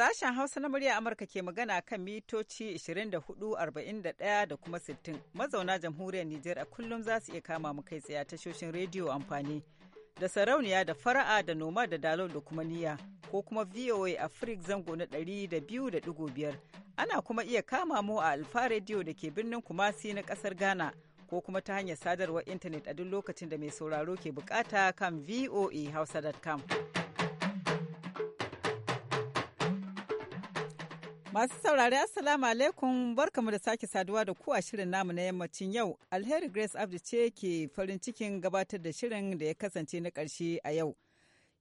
Sashen Hausa na murya Amurka ke magana kan mitoci 24,41 da kuma 60. Mazauna jamhuriyar Nijar a kullum za su iya kama mu kai tsaye tashoshin rediyo amfani da sarauniya da fara'a da noma da dalo da kuma niyya ko kuma VOA a Africa zango na 200.5. Ana kuma iya kama mu a Alfa Radio da ke birnin Kumasi na kasar Ghana ko kuma ta hanyar sadarwar intanet a duk lokacin da mai sauraro ke bukata kan voahausa.com. Masu saurari Assalamu alaikum barkamu da sake saduwa da ku a shirin namu na yammacin yau. Alheri Grace Abdi ce ke farin cikin gabatar da shirin da ya kasance na ƙarshe a yau.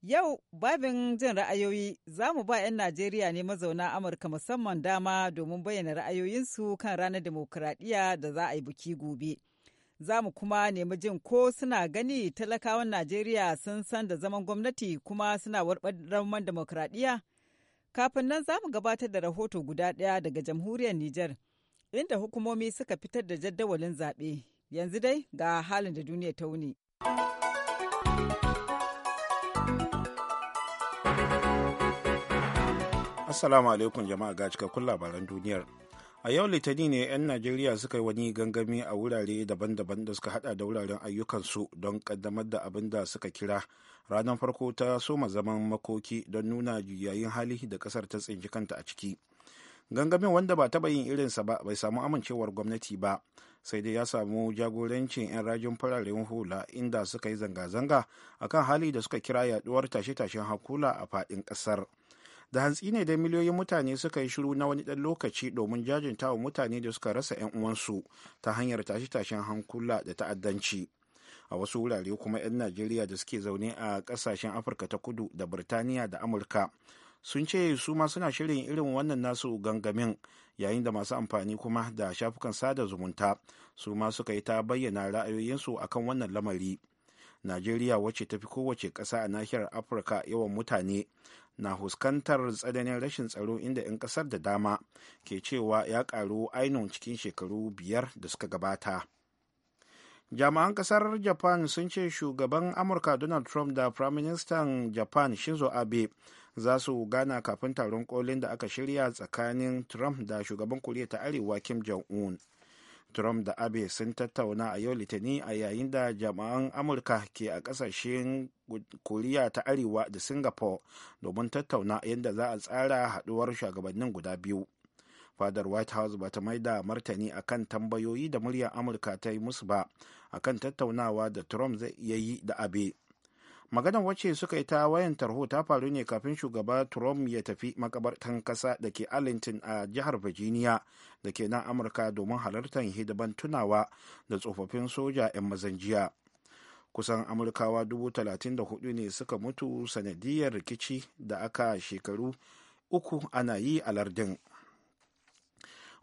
Yau babin jin ra'ayoyi za mu ba 'yan Najeriya ne mazauna Amurka musamman dama domin bayyana ra'ayoyinsu kan ranar demokuraɗiyya da za a yi buki gobe. Za mu kuma nemi jin ko suna gani talakawan Najeriya sun san da zaman gwamnati kuma suna warɓar demokuraɗiyya. Kafin nan za mu gabatar da rahoto guda ɗaya daga jamhuriyar Nijar, inda hukumomi suka fitar da jadawalin zaɓe. Yanzu dai ga halin da duniya ta wuni. Assalamu alaikum jama'a ga cikakkun labaran duniyar. a yau litani ne 'yan najeriya suka yi wani gangami a wurare daban-daban da suka hada da wuraren ayyukansu don kaddamar da abin da suka kira ranar farko ta soma zaman makoki don nuna yayin hali da kasar ta tsinci kanta a ciki gangamin wanda ba taba yin irinsa ba bai samu amincewar gwamnati ba sai dai ya samu jagorancin 'yan rajin fararen hula inda suka yi zanga-zanga akan hali da suka kira yaduwar tashe-tashen hakula a faɗin ƙasar. da hantsi ne da miliyoyin mutane suka yi shiru na wani ɗan lokaci domin jajinta wa mutane da suka rasa 'yan uwansu ta hanyar tashe-tashen hankula da ta'addanci a wasu wurare kuma 'yan najeriya da suke zaune a ƙasashen afirka ta kudu da birtaniya da amurka sun ce su ma suna shirin irin wannan nasu gangamin yayin da masu amfani kuma da shafukan sada zumunta su ma suka yi ta bayyana ra'ayoyinsu akan wannan lamari najeriya wacce ta fi kowace ƙasa a nahiyar afirka yawan mutane na huskantar tsananin rashin tsaro inda 'yan kasar da dama ke cewa ya karu ainihin cikin shekaru biyar da suka gabata jami'an kasar japan sun ce shugaban amurka donald trump da prime minister japan shinzo abe za su gana kafin taron kolin da aka shirya tsakanin trump da shugaban koriya ta arewa kim jong-un Trump da Abe sun tattauna a yau Litinin a yayin da jama'an Amurka ke a kasashen. koriya ta arewa da singapore domin tattauna yadda za a tsara haɗuwar shugabannin guda biyu fadar white house ba ta maida martani a kan tambayoyi da muryar amurka ta yi musu ba a kan tattaunawa da trump zai iya yi da abe maganar wacce suka yi ta wayan tarho ta faru ne kafin shugaba trump ya tafi makabartan kasa da ke arlington a jihar virginia da ke nan amurka domin halartar hidaban tunawa da tsofaffin soja 'yan mazan jiya kusan amurkawa 34,000 ne suka mutu sanadiyar rikici da aka shekaru uku ana yi a lardin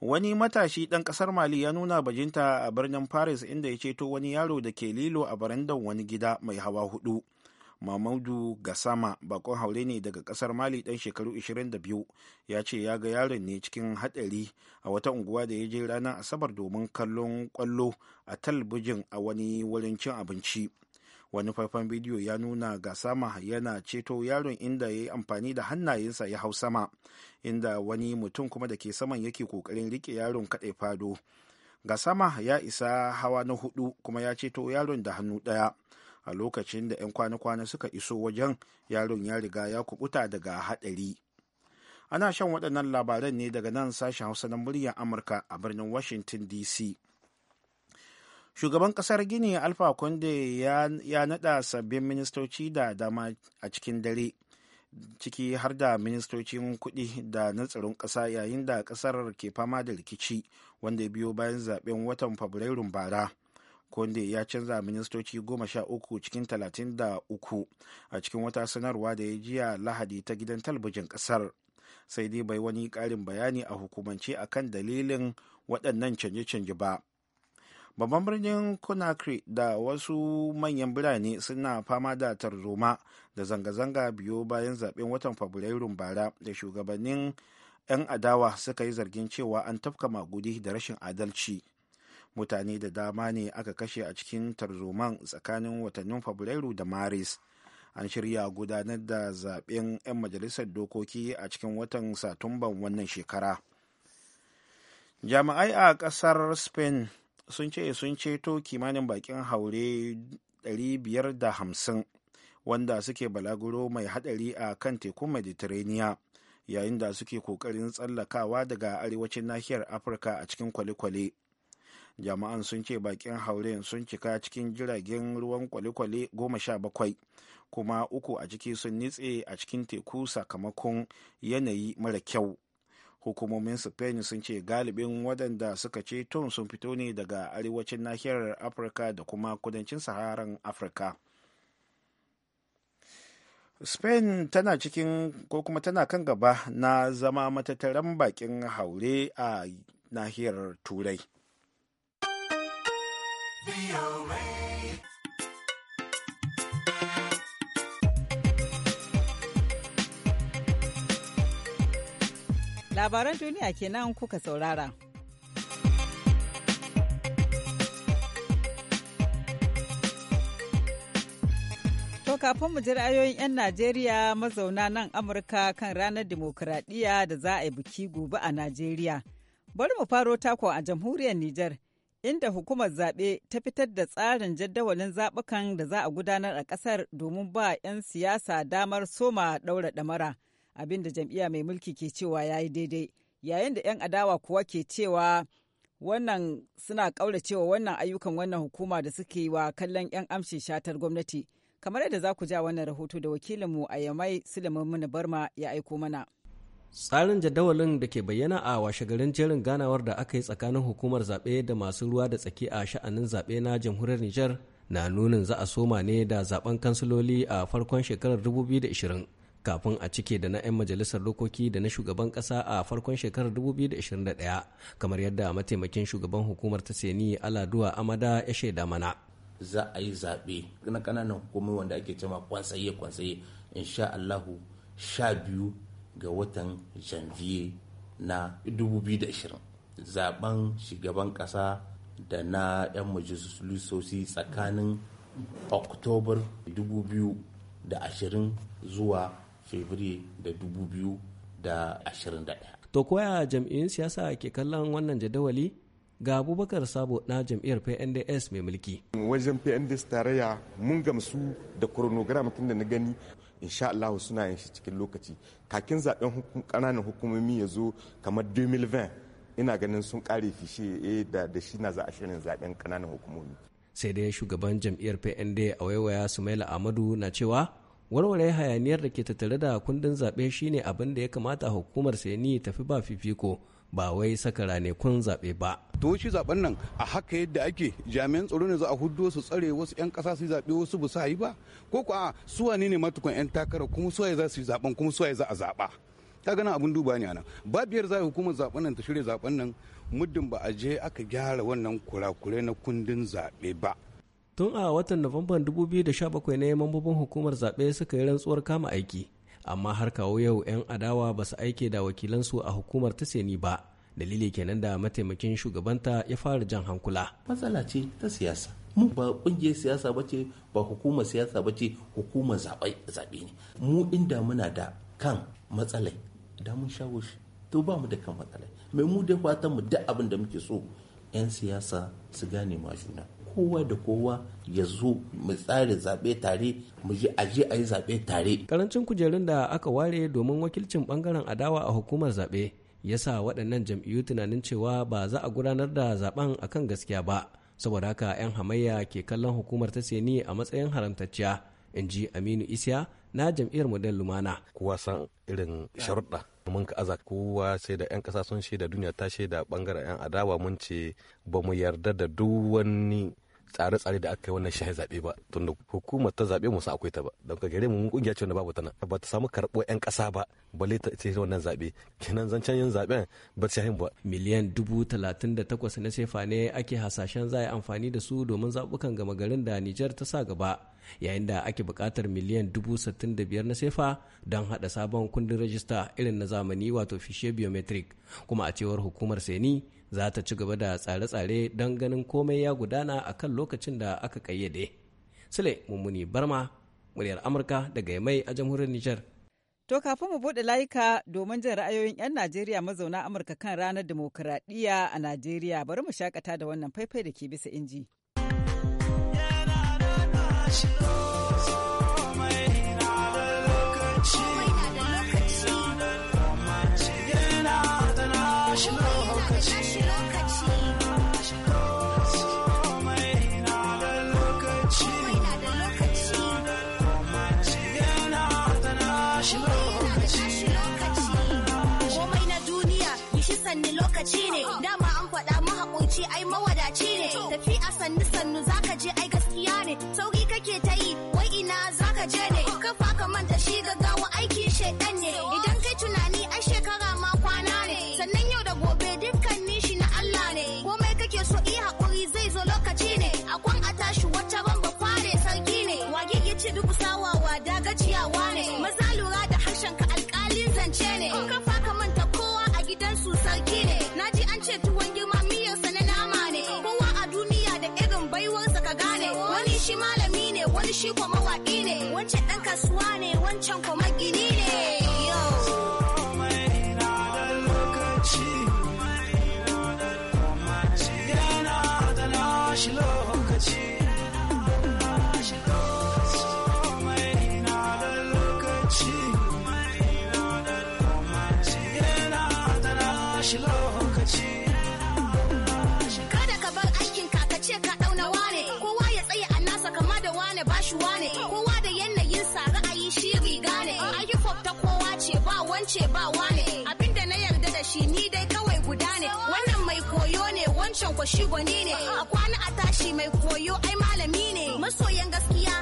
wani matashi ɗan ƙasar mali ya nuna bajinta a birnin paris inda ya ceto wani yaro da ke lilo a barandan wani gida mai hawa hudu mamadu gasama bakon haure ne daga kasar mali dan shekaru 22 ya ce ya ga yaron ne cikin hadari a wata unguwa da ya je ranar asabar domin kallon kwallo a talbijin a wani wurin cin abinci wani faifan bidiyo ya nuna gasama yana ceto yaron inda ya yi amfani da hannayensa ya hau sama inda wani mutum kuma da ke saman yake kokarin rike yaron kaɗai fado gasama ya isa hawa na hudu kuma ya ceto yaron da hannu ɗaya a lokacin da 'yan kwana-kwana suka iso wajen yaron ya riga ya kubuta daga haɗari ana shan waɗannan labaran ne daga nan sashen hausa na muryar amurka a birnin washington dc shugaban ƙasar gini alfa konde ya, naɗa sabbin ministoci da dama a cikin dare ciki har da ministocin kuɗi da na tsaron ƙasa yayin da ƙasar ke fama da rikici wanda ya biyo bayan zaben watan fabrairun bara konde ya canza ministoci goma sha uku cikin talatin da uku a cikin wata sanarwa da ya jiya lahadi ta gidan talabijin kasar Sai dai bai wani ƙarin bayani a hukumance kan dalilin waɗannan canje-canje ba. Babban birnin Conakry da wasu manyan birane suna fama da tarzoma da zanga-zanga biyu bayan zaben watan Fabrairun bara da shugabannin 'yan adawa suka yi zargin cewa an tafka magudi da rashin adalci. mutane da dama ne aka kashe a cikin tarzoman tsakanin watannin fabrairu da maris an shirya gudanar da zaben 'yan majalisar dokoki a cikin watan satumban wannan shekara jami'ai a kasar spain sun ce sun ceto kimanin bakin haure 550 wanda suke balaguro mai hadari a kan tekun mediterranean yayin da suke kokarin tsallakawa daga arewacin nahiyar afirka a cikin kwalekwale. jama'an sun ce bakin hauren sun cika cikin jiragen ruwan kwalekwale kwale goma sha bakwai kuma uku a ciki sun nitse a cikin teku sakamakon yanayi mara kyau hukumomin spain sun ce galibin wadanda suka ce tun sun fito ne daga arewacin nahiyar afirka da kuma kudancin saharan afirka spain tana cikin ko kuma tana kan gaba na zama matataran bakin haure a nahiyar turai Labaran duniya kenan kuka saurara. To kafin mu ji ra'ayoyin 'yan Najeriya mazauna nan Amurka kan ranar dimokuraɗiyya da za a yi biki gobe a Najeriya. Bari mu faro tako a jamhuriyar Nijar, inda hukumar zaɓe ta fitar da tsarin jadawalin zaɓukan da za a gudanar a ƙasar domin ba 'yan siyasa damar soma ɗaura ɗamara abin da jam'iyya mai mulki ke cewa ya yi daidai yayin da 'yan adawa kuwa ke cewa wannan suna ƙauracewa wannan ayyukan wannan hukuma da suke yi wa kallon 'yan amshi shatar gwamnati kamar yadda za ku ja wannan rahoto da wakilinmu a yamai suleiman barma ya aiko mana. tsarin jadawalin da ke bayyana a washegarin jerin ganawar da aka yi tsakanin hukumar zaɓe da masu ruwa da tsaki a sha'anin zaɓe na jamhuriyar nijar na nunin za a soma ne da zaben kansiloli a farkon shekarar 2020 kafin a cike da na 'yan majalisar dokoki da na shugaban kasa a farkon shekarar 2021 kamar yadda mataimakin shugaban hukumar ta seni aladuwa amada ya shaida mana za a yi zaɓe na ƙananan hukumar wanda ake cewa kwansaye kwansaye insha allahu sha biyu ga watan janvier na 2020 zaben shugaban kasa da na 'yan majalisoci tsakanin oktobar 2020 zuwa february da 2021 to koya jam'iyyun siyasa ke kallon wannan jadawali ga abubakar sabo na jam'iyyar pnds mai mulki wajen pnds tarayya mun gamsu da coronogram tun da na gani insha Allah suna yin shi cikin lokaci kakin zaben kananan hukumomi ya zo kamar 2020 ina ganin sun kare fishe eh, da shi na za a shirin zaben kananan hukumomi sai dai shugaban jam'iyyar pnd a waiwaya sumaila amadu na cewa warware hayaniyar da ke tattare da kundin zaɓe shine abin da ya kamata hukumar seni tafi ba fifiko ba wai saka ranakun zaɓe ba. to shi zaben nan a haka yadda ake jami'an tsaro ne za a hudu su tsare wasu 'yan kasa su zaɓe wasu ba su yi ba ko ko a su wane ne matukan 'yan takara kuma waye za su yi zaben kuma waye za a zaɓa ta gana abin duba ne anan babiyar za hukumar zaben nan ta shirya zaben nan muddin ba a je aka gyara wannan kurakurai na kundin zaɓe ba tun a watan nuwamban 2017 ne mambobin hukumar zaɓe suka yi rantsuwar kama aiki amma har kawo yau 'yan adawa ba su aike da wakilansu a hukumar ta seni ba dalili kenan da mataimakin shugabanta ya fara jan hankula matsala ce ta siyasa mu ba kungiyar siyasa ba ce ba hukumar siyasa ba ce hukumar zaɓe ne mu inda muna da kan matsalai da mun shawo shi to ba mu da kan matsalai mai mu da fatan mu duk abin da muke so 'yan siyasa su gane ma juna kowa da kowa ya zo mu tsare zaɓe tare mu yi a a yi zaɓe tare. Karancin kujerun da aka ware domin wakilcin bangaren adawa a hukumar zaɓe ya sa waɗannan jam'iyyu tunanin cewa ba za a gudanar da zaben akan gaskiya ba saboda haka 'yan hamayya ke kallon hukumar ta seni a matsayin haramtacciya in ji aminu isiya na jam'iyyar model lumana kowa san irin sharuɗa mun ka aza kowa sai da 'yan ƙasa sun shaida duniya ta shaida bangaren 'yan adawa mun ce ba mu yarda da duk wani tsare-tsare da aka yi wannan shahin zaɓe ba tunda hukumar ta zaɓe musu akwai ta ba don ka gare mu mun kungiya ce wanda babu ta nan ba ta samu karɓo 'yan ƙasa ba balle ta ce wannan zaɓe kenan zancen yin zaɓen ba shahin ba. miliyan dubu talatin da takwas na sefa ne ake hasashen za a yi amfani da su domin zaɓukan gama garin da nijar ta sa gaba yayin da ake buƙatar miliyan dubu sittin da biyar na sefa don haɗa sabon kundin rajista irin na zamani wato fishe biometric kuma a cewar hukumar seni za ta ci gaba da tsare-tsare don ganin komai ya gudana a kan lokacin da aka kayyade. Sule Mummuni Barma, muryar Amurka daga Yamai a jamhuriyar Nijar. To kafin mu buɗe layuka domin jin ra'ayoyin 'yan Najeriya mazauna Amurka kan ranar dimokuraɗiyya a Najeriya bari mu shakata da wannan faifai da ke bisa inji. shi malami ne wani shi kuma mawaƙi ne wancan ɗan kasuwa ne wancan kuma shi gwani ne a kwana a tashi mai koyo ai malami ne masoyan gaskiya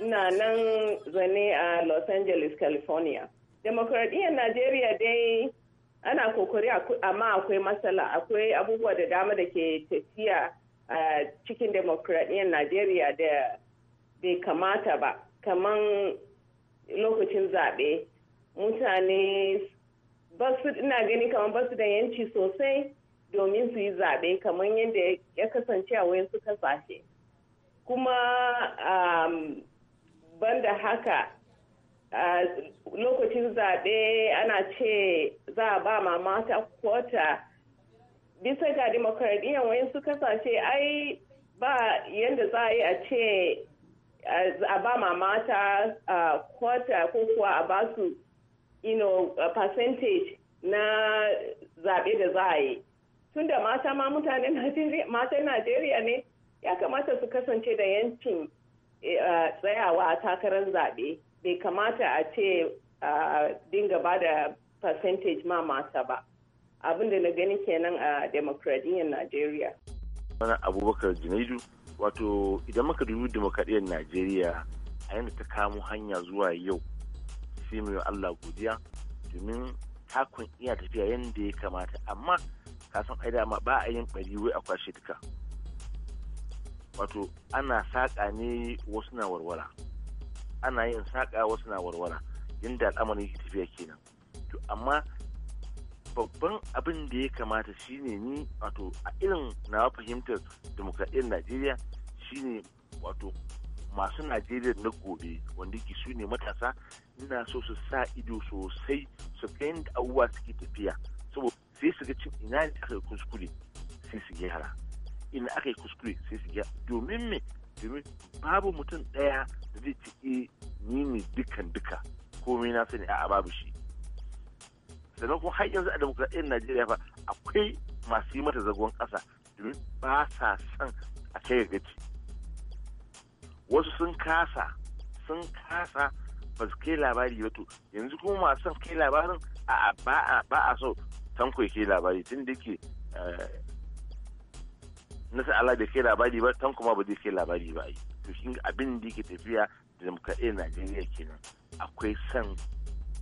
Ina nan zane a Los Angeles, California. Demokradiyyar Najeriya dai ana kokari amma akwai matsala akwai abubuwa da dama da ke tafiya a cikin demokradiyyar Najeriya da bai kamata ba. Kaman lokacin zaɓe mutane basu ina gani kamar bas da yanci sosai domin su yi zaɓe kamar yadda ya kasance a su kasashe kuma um, banda haka lokacin zaɓe ana ce za a ba ma mata kwota bisa ga demokaradiyyar wani su kasashe ai ba yadda za a yi a ce a ba ma mata kwota ko kuwa a ba su percentage na zaɓe da za a yi Tun da mata ma mutanen mata najeriya ne ya kamata su kasance da yancin tsayawa a takarar zaɓe bai kamata a ce dinga ba da percentage ma masa ba abin na gani kenan a demokradiyyar najeriya wani abubakar junaidu wato idan maka dubi demokradiyyar najeriya a yadda ta kamo hanya zuwa yau sai mai allah godiya domin takun iya tafiya yadda ya kamata amma kasan ai dama ba a yin bari wai a kwashe duka wato ana saƙa ne wasu na warwara ana yin saƙa wasu na warwara inda al'amarin yake tafiya kenan to amma babban abin da ya kamata shine ni wato a irin na fahimtar demokradiyyar najeriya shine wato masu najeriya na gobe wanda ke su ne matasa ina so su sa ido sosai su kai da abubuwa suke tafiya saboda sai su ga cin ina ne aka kuskure sai su gyara ina aka yi kuskure sai su gya domin me domin babu mutum ɗaya da zai ci ni ne dukan duka komai na sani a babu shi sannan kuma har yanzu a demokradiyyar najeriya fa akwai masu yi mata zagon ƙasa domin ba sa son a kai gaci wasu sun kasa sun kasa ba su kai labari ba to yanzu kuma masu son kai labarin a ba a so tanko ya kai labari tun da ke na sa'ala bai kai labari ba tan kuma ba zai kai labari ba yi to shi abin da yake tafiya da demokradiyyar najeriya kenan akwai san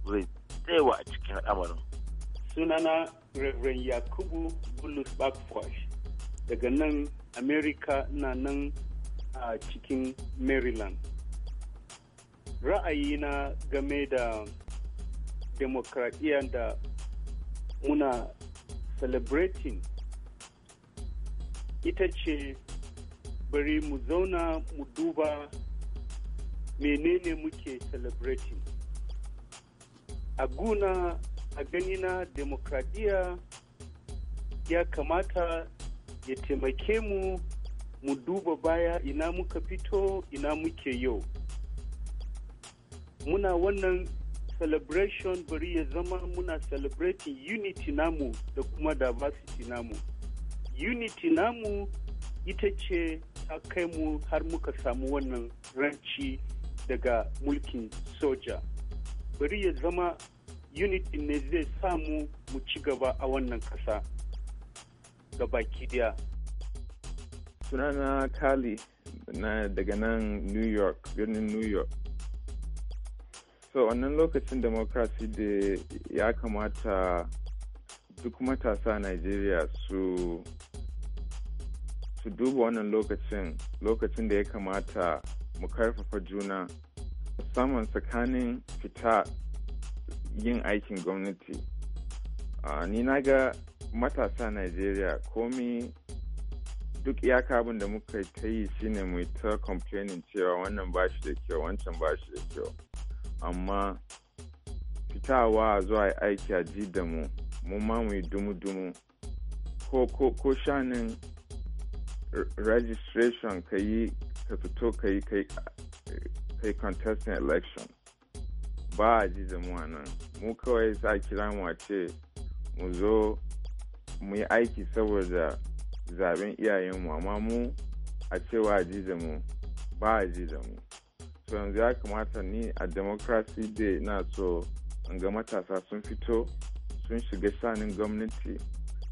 zai tsayawa a cikin al'amarin sunana reverend yakubu bulus backwash daga nan america na nan a cikin maryland na game da demokradiyya da muna celebrating ita ce bari mu zauna mu duba menene muke celebrating a guna a ganina demokradiyya ya kamata ya taimake mu mu duba baya ina muka fito ina muke yau muna wannan celebration bari ya zama muna celebrating unity namu da kuma diversity namu unity namu ita ce ta kai mu har muka samu wannan ranci daga mulkin soja bari ya zama unity ne zai samu mu ci gaba a wannan kasa ga baki daya sunana kali daga nan new york birnin new york so wannan lokacin democracy da ya kamata duk matasa Najeriya su su duba wannan lokacin lokacin da ya kamata mu karfafa juna musamman tsakanin fita yin aikin gwamnati ni na ga matasa najeriya komi duk iyaka abin da muka ta yi shine mu ta complaining cewa wannan ba shi da kyau wancan ba shi da kyau amma fitawa zuwa aiki a ji da mu mu ma mu yi dumu-dumu ko shanin registration ka yi ka fito ka yi ka yi contesting election ba a ji jama'a nan mu kawai sa kira mu a ce mu zo mu yi aiki saboda zaben iyayenmu amma mu a cewa a ji mu ba a ji mu to yanzu ya kamata ni a democracy day na so in ga matasa sun fito sun shiga shanin gwamnati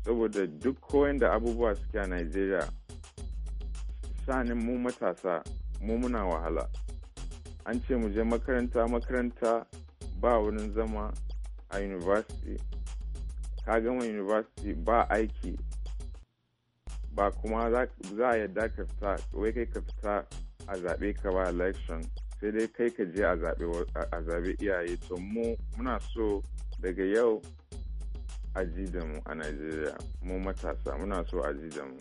saboda duk koyan da abubuwa suke a nigeria sanin mu matasa mu muna wahala an ce mu je makaranta makaranta ba wurin zama a university ka gama university ba aiki ba kuma za a yadda ka fita wai kai ka fita a zaɓe ka ba election sai dai kai ka je a zaɓe iyaye to mu muna so daga yau a ji da mu a Najeriya mu matasa muna so a ji da mu.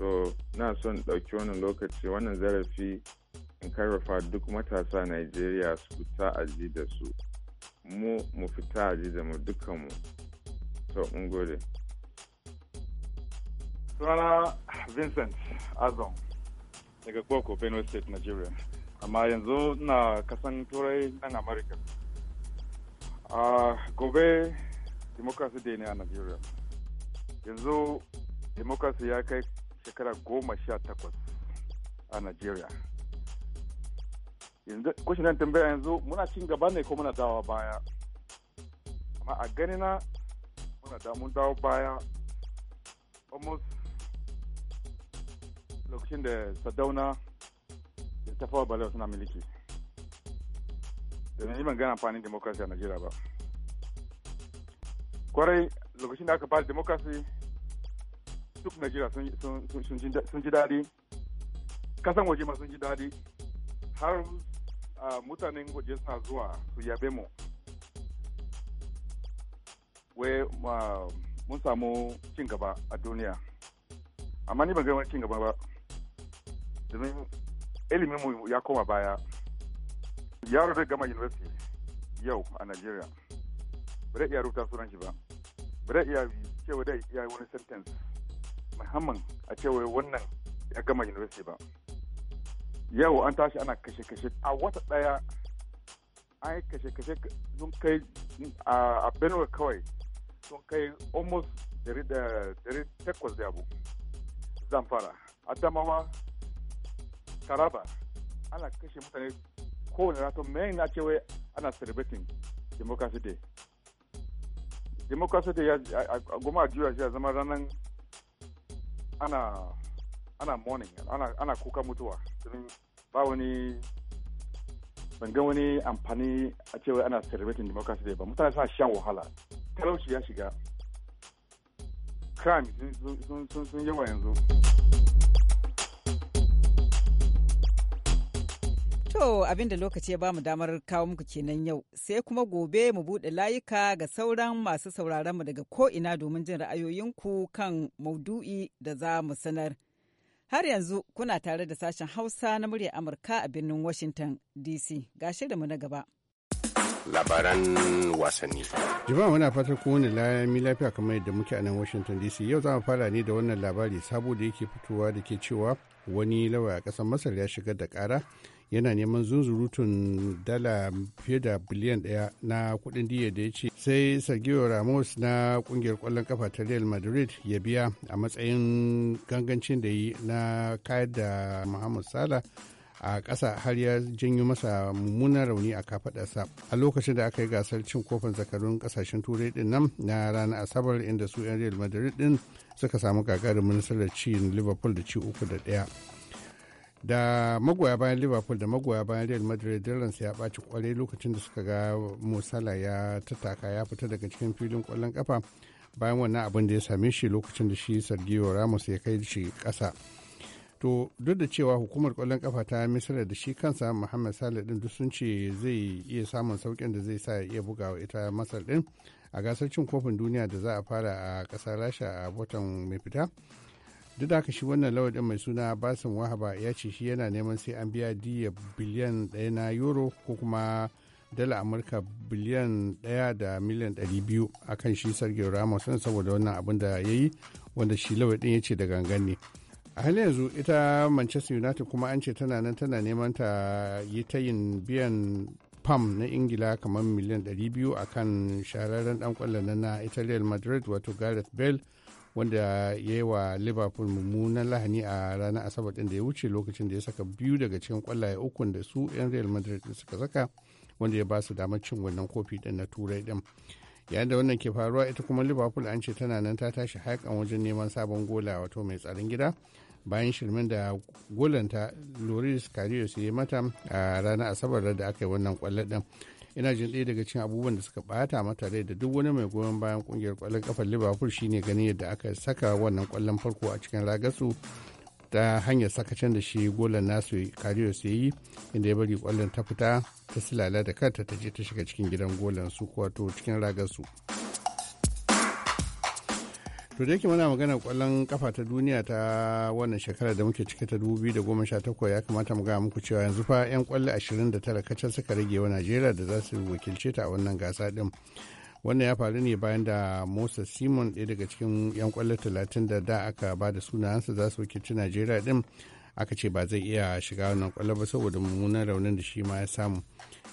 so na son ɗauki wannan lokaci wannan zarafi in karrafa duk matasa Najeriya su fita aji da su mu mu fita aji da mu dukkanmu so in gode sunana vincent azon daga koko benue state nigeria amma yanzu na kasan turai nan america a gobe democracy day ne a nigeria yanzu democracy ya kai shekara goma sha takwas a Najeriya. Yanzu kushin nan tambaya yanzu muna cin gaba ne ko muna dawa baya. Amma a gani na muna da mun dawo baya almost lokacin da Sadauna da tafawa balewa suna miliki. Da yi magana amfanin demokrasi a Najeriya ba. Kwarai lokacin da aka ba da demokrasi duk najeriya sun ji daɗi kasan waje ma sun ji daɗi har mutanen waje suna zuwa su yabe mu wai mun samu cin gaba a duniya amma ni ban gama cin gaba ba domin ilimin mu ya koma baya yaro da gama university yau a nigeria bare iya rubuta sunan shi ba bare iya cewa da iya wani sentence musamman a cewa wannan ya gama university ba yau an tashi ana kashe-kashe a wata ɗaya an yi kashe-kashe sun kai a benue kawai sun kai almost dari da abu zamfara adamawa taraba ana kashe mutane kowane rato mai na cewa ana celebrating democracy day democracy day ya goma juya shi ya zama ranar ana ana ana, kuka mutuwa ba wani ga wani amfani a cewa ana celebrating democracy day ba mutane suna shan wahala talauci ya shiga crime sun yawa yanzu To abin da lokaci ya ba mu damar kawo muku kenan yau sai kuma gobe mu buɗe layuka ga sauran masu sauraron mu daga ko'ina domin jin ra'ayoyinku kan maudu'i da za mu sanar. Har yanzu kuna tare da sashen Hausa na muryar Amurka a birnin Washington DC ga mu na gaba. Labaran wasanni. Jama'a muna fatan kowane layami lafiya kamar yadda muke a nan Washington DC yau za mu fara ne da wannan labari sabo da yake fitowa da ke cewa wani lawaya a ƙasar Masar ya shigar da ƙara yana neman zunzurutun dala fiye da biliyan daya na kudin diya da ya ce sai sergio ramos na kungiyar kwallon kafa ta real madrid ya biya a matsayin gangancin da yi na kayar da muhammad salah a ƙasa har ya janyo masa mummunan rauni a kafaɗarsa a lokacin da aka yi gasar cin kofin zakarun kasashen turai din nan na ranar asabar inda su 'yan real madrid din suka samu gagarumin nasarar ci liverpool da ci uku da ɗaya da magoya bayan liverpool da magoya bayan real madrid sai ya baci kwarai lokacin da suka ga musala ya tattaka ya fita daga cikin filin kwallon kafa bayan wannan abin da ya same shi lokacin da shi sergio ramos ya kai shi ƙasa to duk da cewa hukumar kwallon kafa ta misala da shi kansa muhammad salih din duk sun ce zai iya samun saukin da zai sa ya iya bugawa ita masar din a gasar cin kofin duniya da za a fara a ƙasar rasha a watan mai fita duk da aka shi wannan lawadin mai suna basin wahaba ya ce shi yana neman sai an biya diya biliyan ɗaya na euro ko kuma dala amurka biliyan ɗaya da miliyan ɗari biyu a kan shi sergio ramos ɗin saboda wannan abin da ya yi wanda shi lawadin ya ce da gangan ne a halin yanzu ita manchester united kuma an ce tana nan tana neman ta yi ta yin biyan pam na ingila kamar miliyan 200 a kan shahararren dan kwallon na italian madrid wato gareth bale wanda ya yi wa liverpool mummunan lahani a ranar asabar din da ya wuce lokacin da ya saka biyu daga cikin kwallaye uku da su 'yan real madrid suka saka wanda ya ba su damar cin wannan kofi din na turai din yayin da wannan ke faruwa ita kuma liverpool an ce tana nan ta tashi haikan wajen neman sabon gola wato mai tsarin gida bayan shirmin da golanta loris karius ya mata a ranar asabar da aka yi wannan kwallo din ina jin ɗaya daga cikin abubuwan da suka bata mata rai da duk wani mai goyon bayan kungiyar kwallon kafar liverpool shine ganin yadda aka saka wannan kwallon farko a cikin ragarsu ta hanyar sakacin da shi golan nasu kariyo su yi inda ya bari kwallon ta fita ta silala da kanta ta je ta shiga cikin gidan golan su wato cikin ragarsu to da yake muna magana kwallon kafa ta duniya ta wannan shekara da muke cike ta 2018 ya kamata mu ga muku cewa yanzu fa 'yan kwallo 29 kacal suka rage wa najeriya da za su wakilce ta a wannan gasa din wannan ya faru ne bayan da moses simon ɗaya daga cikin 'yan kwallo 30 da da aka ba da sunayensa za su wakilci najeriya din aka ce ba zai iya shiga wannan kwallo ba saboda mummunan raunin da shi ma ya samu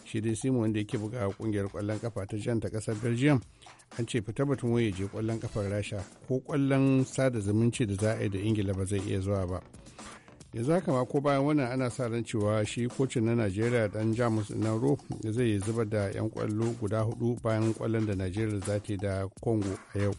shi dai simon wanda yake buga kungiyar kwallon kafa ta jan ta kasar belgium an ce fita batun waye je kwallon kafar rasha ko kwallon sada zumunci da za a yi da ingila ba zai iya zuwa ba yanzu haka ma ko bayan wannan ana sa ran cewa shi kocin na najeriya dan jamus nauro zai zubar da yan kwallo guda hudu bayan kwallon da najeriya za ta yi da congo a yau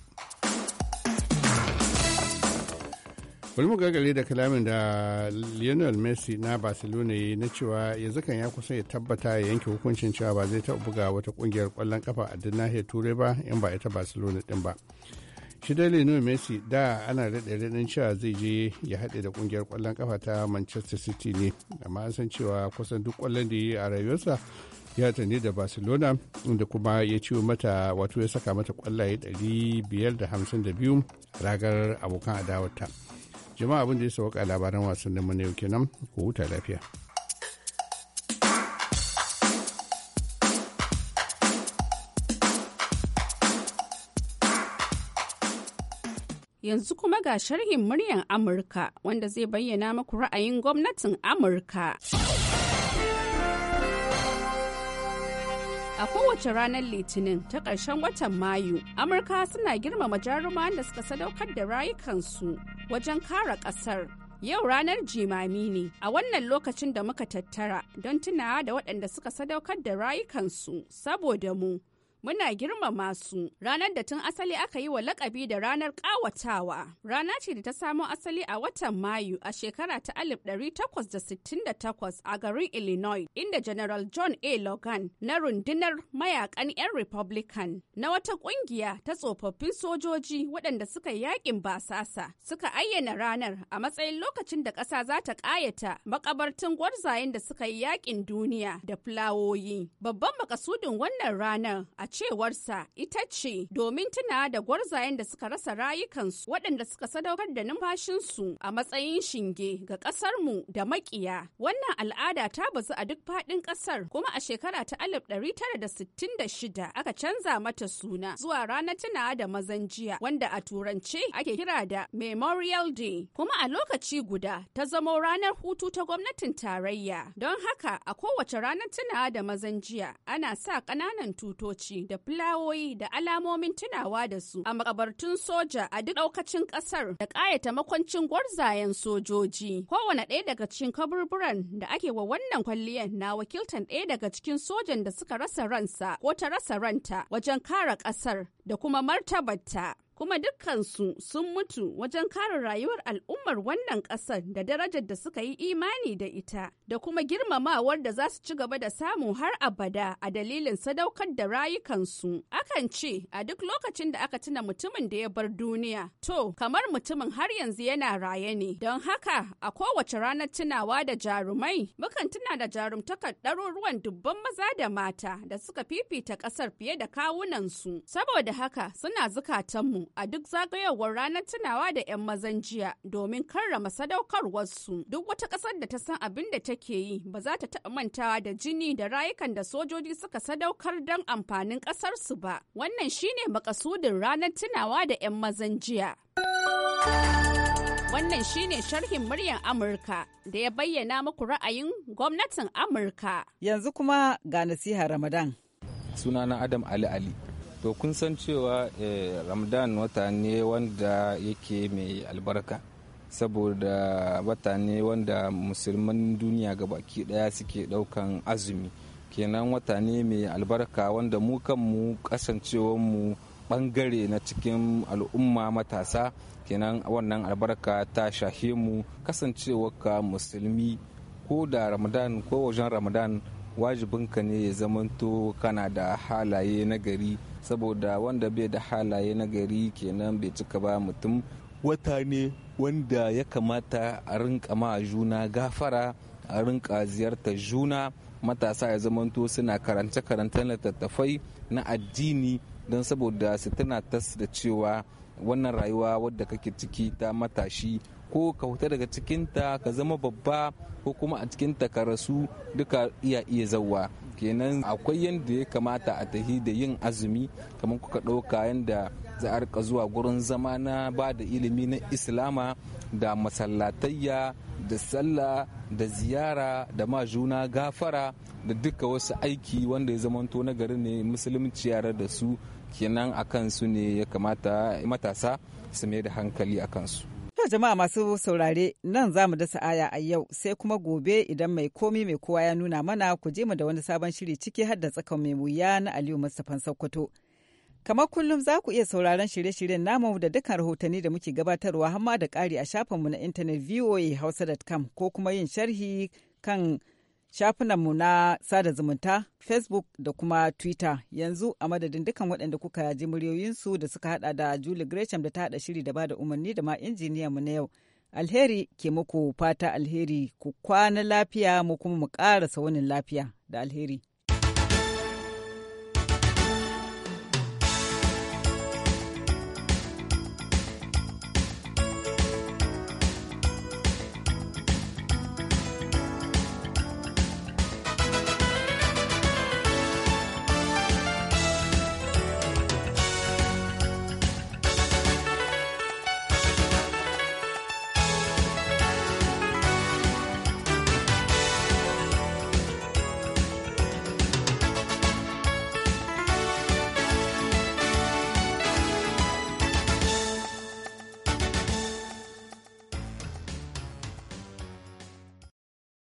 bari mu gagale da kalamin da lionel messi na barcelona ya na cewa yanzu kan ya kusa ya tabbata ya yanke hukuncin cewa ba zai taɓa buga wata kungiyar kwallon kafa a duk nahiyar turai ba in ba ita barcelona din ba shi dai lionel messi da ana daɗe daɗin cewa zai je ya haɗe da kungiyar kwallon kafa ta manchester city ne amma an san cewa kusan duk ƙwallon da ya yi a rayuwarsa ya tani da barcelona inda kuma ya ciwo mata wato ya saka mata ƙwallaye 552 ragar abokan adawarta. jama'a abin da ya sauka labaran wasannin mu ne yau kenan ku huta lafiya Yanzu kuma ga sharhin muryan Amurka wanda zai bayyana muku ra'ayin gwamnatin Amurka. A kowace ranar Litinin ta ƙarshen watan Mayu, Amurka suna girmama jaruman da suka sadaukar da rayukansu wajen kare ƙasar. Yau ranar jimami ne a wannan lokacin da muka tattara don tunawa da waɗanda suka sadaukar da rayukansu saboda mu muna girmama su ranar da tun asali aka yi wa lakabi da ranar ƙawatawa rana ce da ta samo asali a watan mayu a shekara ta 1868 a garin illinois inda general john a logan na rundunar mayakan 'yan republican na wata ƙungiya ta tsofaffin sojoji waɗanda suka yi yakin basasa suka ayyana ranar a matsayin lokacin da ƙasa za ta ƙayata makabartun gwarzayen da suka yi yakin duniya da fulawoyi babban makasudin wannan ranar cewarsa ita ce domin tuna da gwarzayen da suka rasa rayukansu waɗanda suka sadaukar da numfashinsu a matsayin shinge ga ƙasarmu da maƙiya. Wannan al'ada ta bazu a duk faɗin ƙasar kuma a shekara ta 1966 aka canza mata suna zuwa ranar tuna da mazan jiya wanda a turance ake kira da Memorial Day kuma a lokaci guda ta zamo ranar hutu ta gwamnatin tarayya. Don haka a kowace ranar tuna da mazan jiya ana sa ƙananan tutoci da fulawoyi da alamomin tunawa da su a makabartun soja a duk daukacin kasar da ƙayata makwancin gwarzayen sojoji. Kowane ɗaya daga cikin kaburburan da ake wa wannan kwalliyan na wakiltan ɗaya daga cikin sojan da suka rasa ransa ko ta rasa ranta wajen kara ƙasar da kuma martabarta. kuma dukkansu sun mutu wajen kare rayuwar al'ummar wannan ƙasar da darajar da suka yi imani da ita da kuma girmamawar da za su ci gaba da samu har abada a dalilin sadaukar da rayukansu akan ce a duk lokacin da aka tuna mutumin da ya bar duniya to kamar mutumin har yanzu yana raye ne don haka a kowace ranar tunawa da jarumai mukan tuna da jarumtakar ɗaruruwan dubban maza da mata da suka fifita ƙasar fiye da kawunansu saboda haka suna zukatanmu a duk zagayowar ranar tunawa da 'yan mazan jiya domin karrama sadaukarwarsu. Duk wata ƙasar da ta san abin da take yi ba za ta taɓa mantawa da jini da rayukan da sojoji suka sadaukar don amfanin ƙasarsu ba. Wannan shine makasudin ranar tunawa da 'yan mazan jiya. Wannan shine sharhin muryar Amurka da ya bayyana muku ra'ayin gwamnatin Amurka. Yanzu kuma ga nasiha Ramadan. Sunana Adam Ali Ali. to kun san cewa eh, ramadan wata ne wanda yake mai albarka saboda wata ne wanda musulman duniya baki daya suke daukan azumi kenan wata ne mai albarka wanda mu kanmu mu bangare na cikin al'umma matasa kenan wannan albarka ta shahe mu ka musulmi ko da ramadan ko wajen ramadan wajibinka ne ya zamanto kana da halaye na gari saboda wanda bai da halaye na gari kenan bai cika ba mutum wata ne wanda ya kamata a rinka ma juna gafara a rinka ziyarta juna matasa ya zamanto suna karance na tattafai na addini don saboda su tana tas da cewa wannan rayuwa wadda kake ciki ta matashi ko ka huta daga cikinta ka zama babba ko kuma a cikinta ka rasu duka iya iya zauwa kenan akwai yadda ya kamata a tahi da yin azumi kamar kuka ɗauka yadda za a rika zuwa gurin zama na ba da ilimi na islama da masallatayya da sallah da ziyara da ma juna gafara da duka wasu aiki wanda ya zamanto na garin ne musulunci yare da su kenan a kansu ne ya kamata matasa su mai da hankali a kansu. To jama'a masu saurare nan za mu dasa aya a yau sai kuma gobe idan mai komi mai kowa ya nuna mana ku je mu da wani sabon shiri ciki har da tsakan mai wuya na Aliyu Mustapha Sokoto. Kamar kullum za ku iya sauraron shirye-shiryen namu da dukkan rahotanni da muke gabatarwa hamma da ƙari a shafinmu na intanet voahausa.com ko kuma yin sharhi kan shafinanmu na sada zumunta facebook da kuma twitter yanzu a madadin dukkan waɗanda kuka ji muryoyinsu da suka hada da juli gresham da ta hada shiri da bada umarni da ma injiniya mu na yau alheri ke muku fata alheri ku kwana lafiya mu kuma mu ƙara wani lafiya da alheri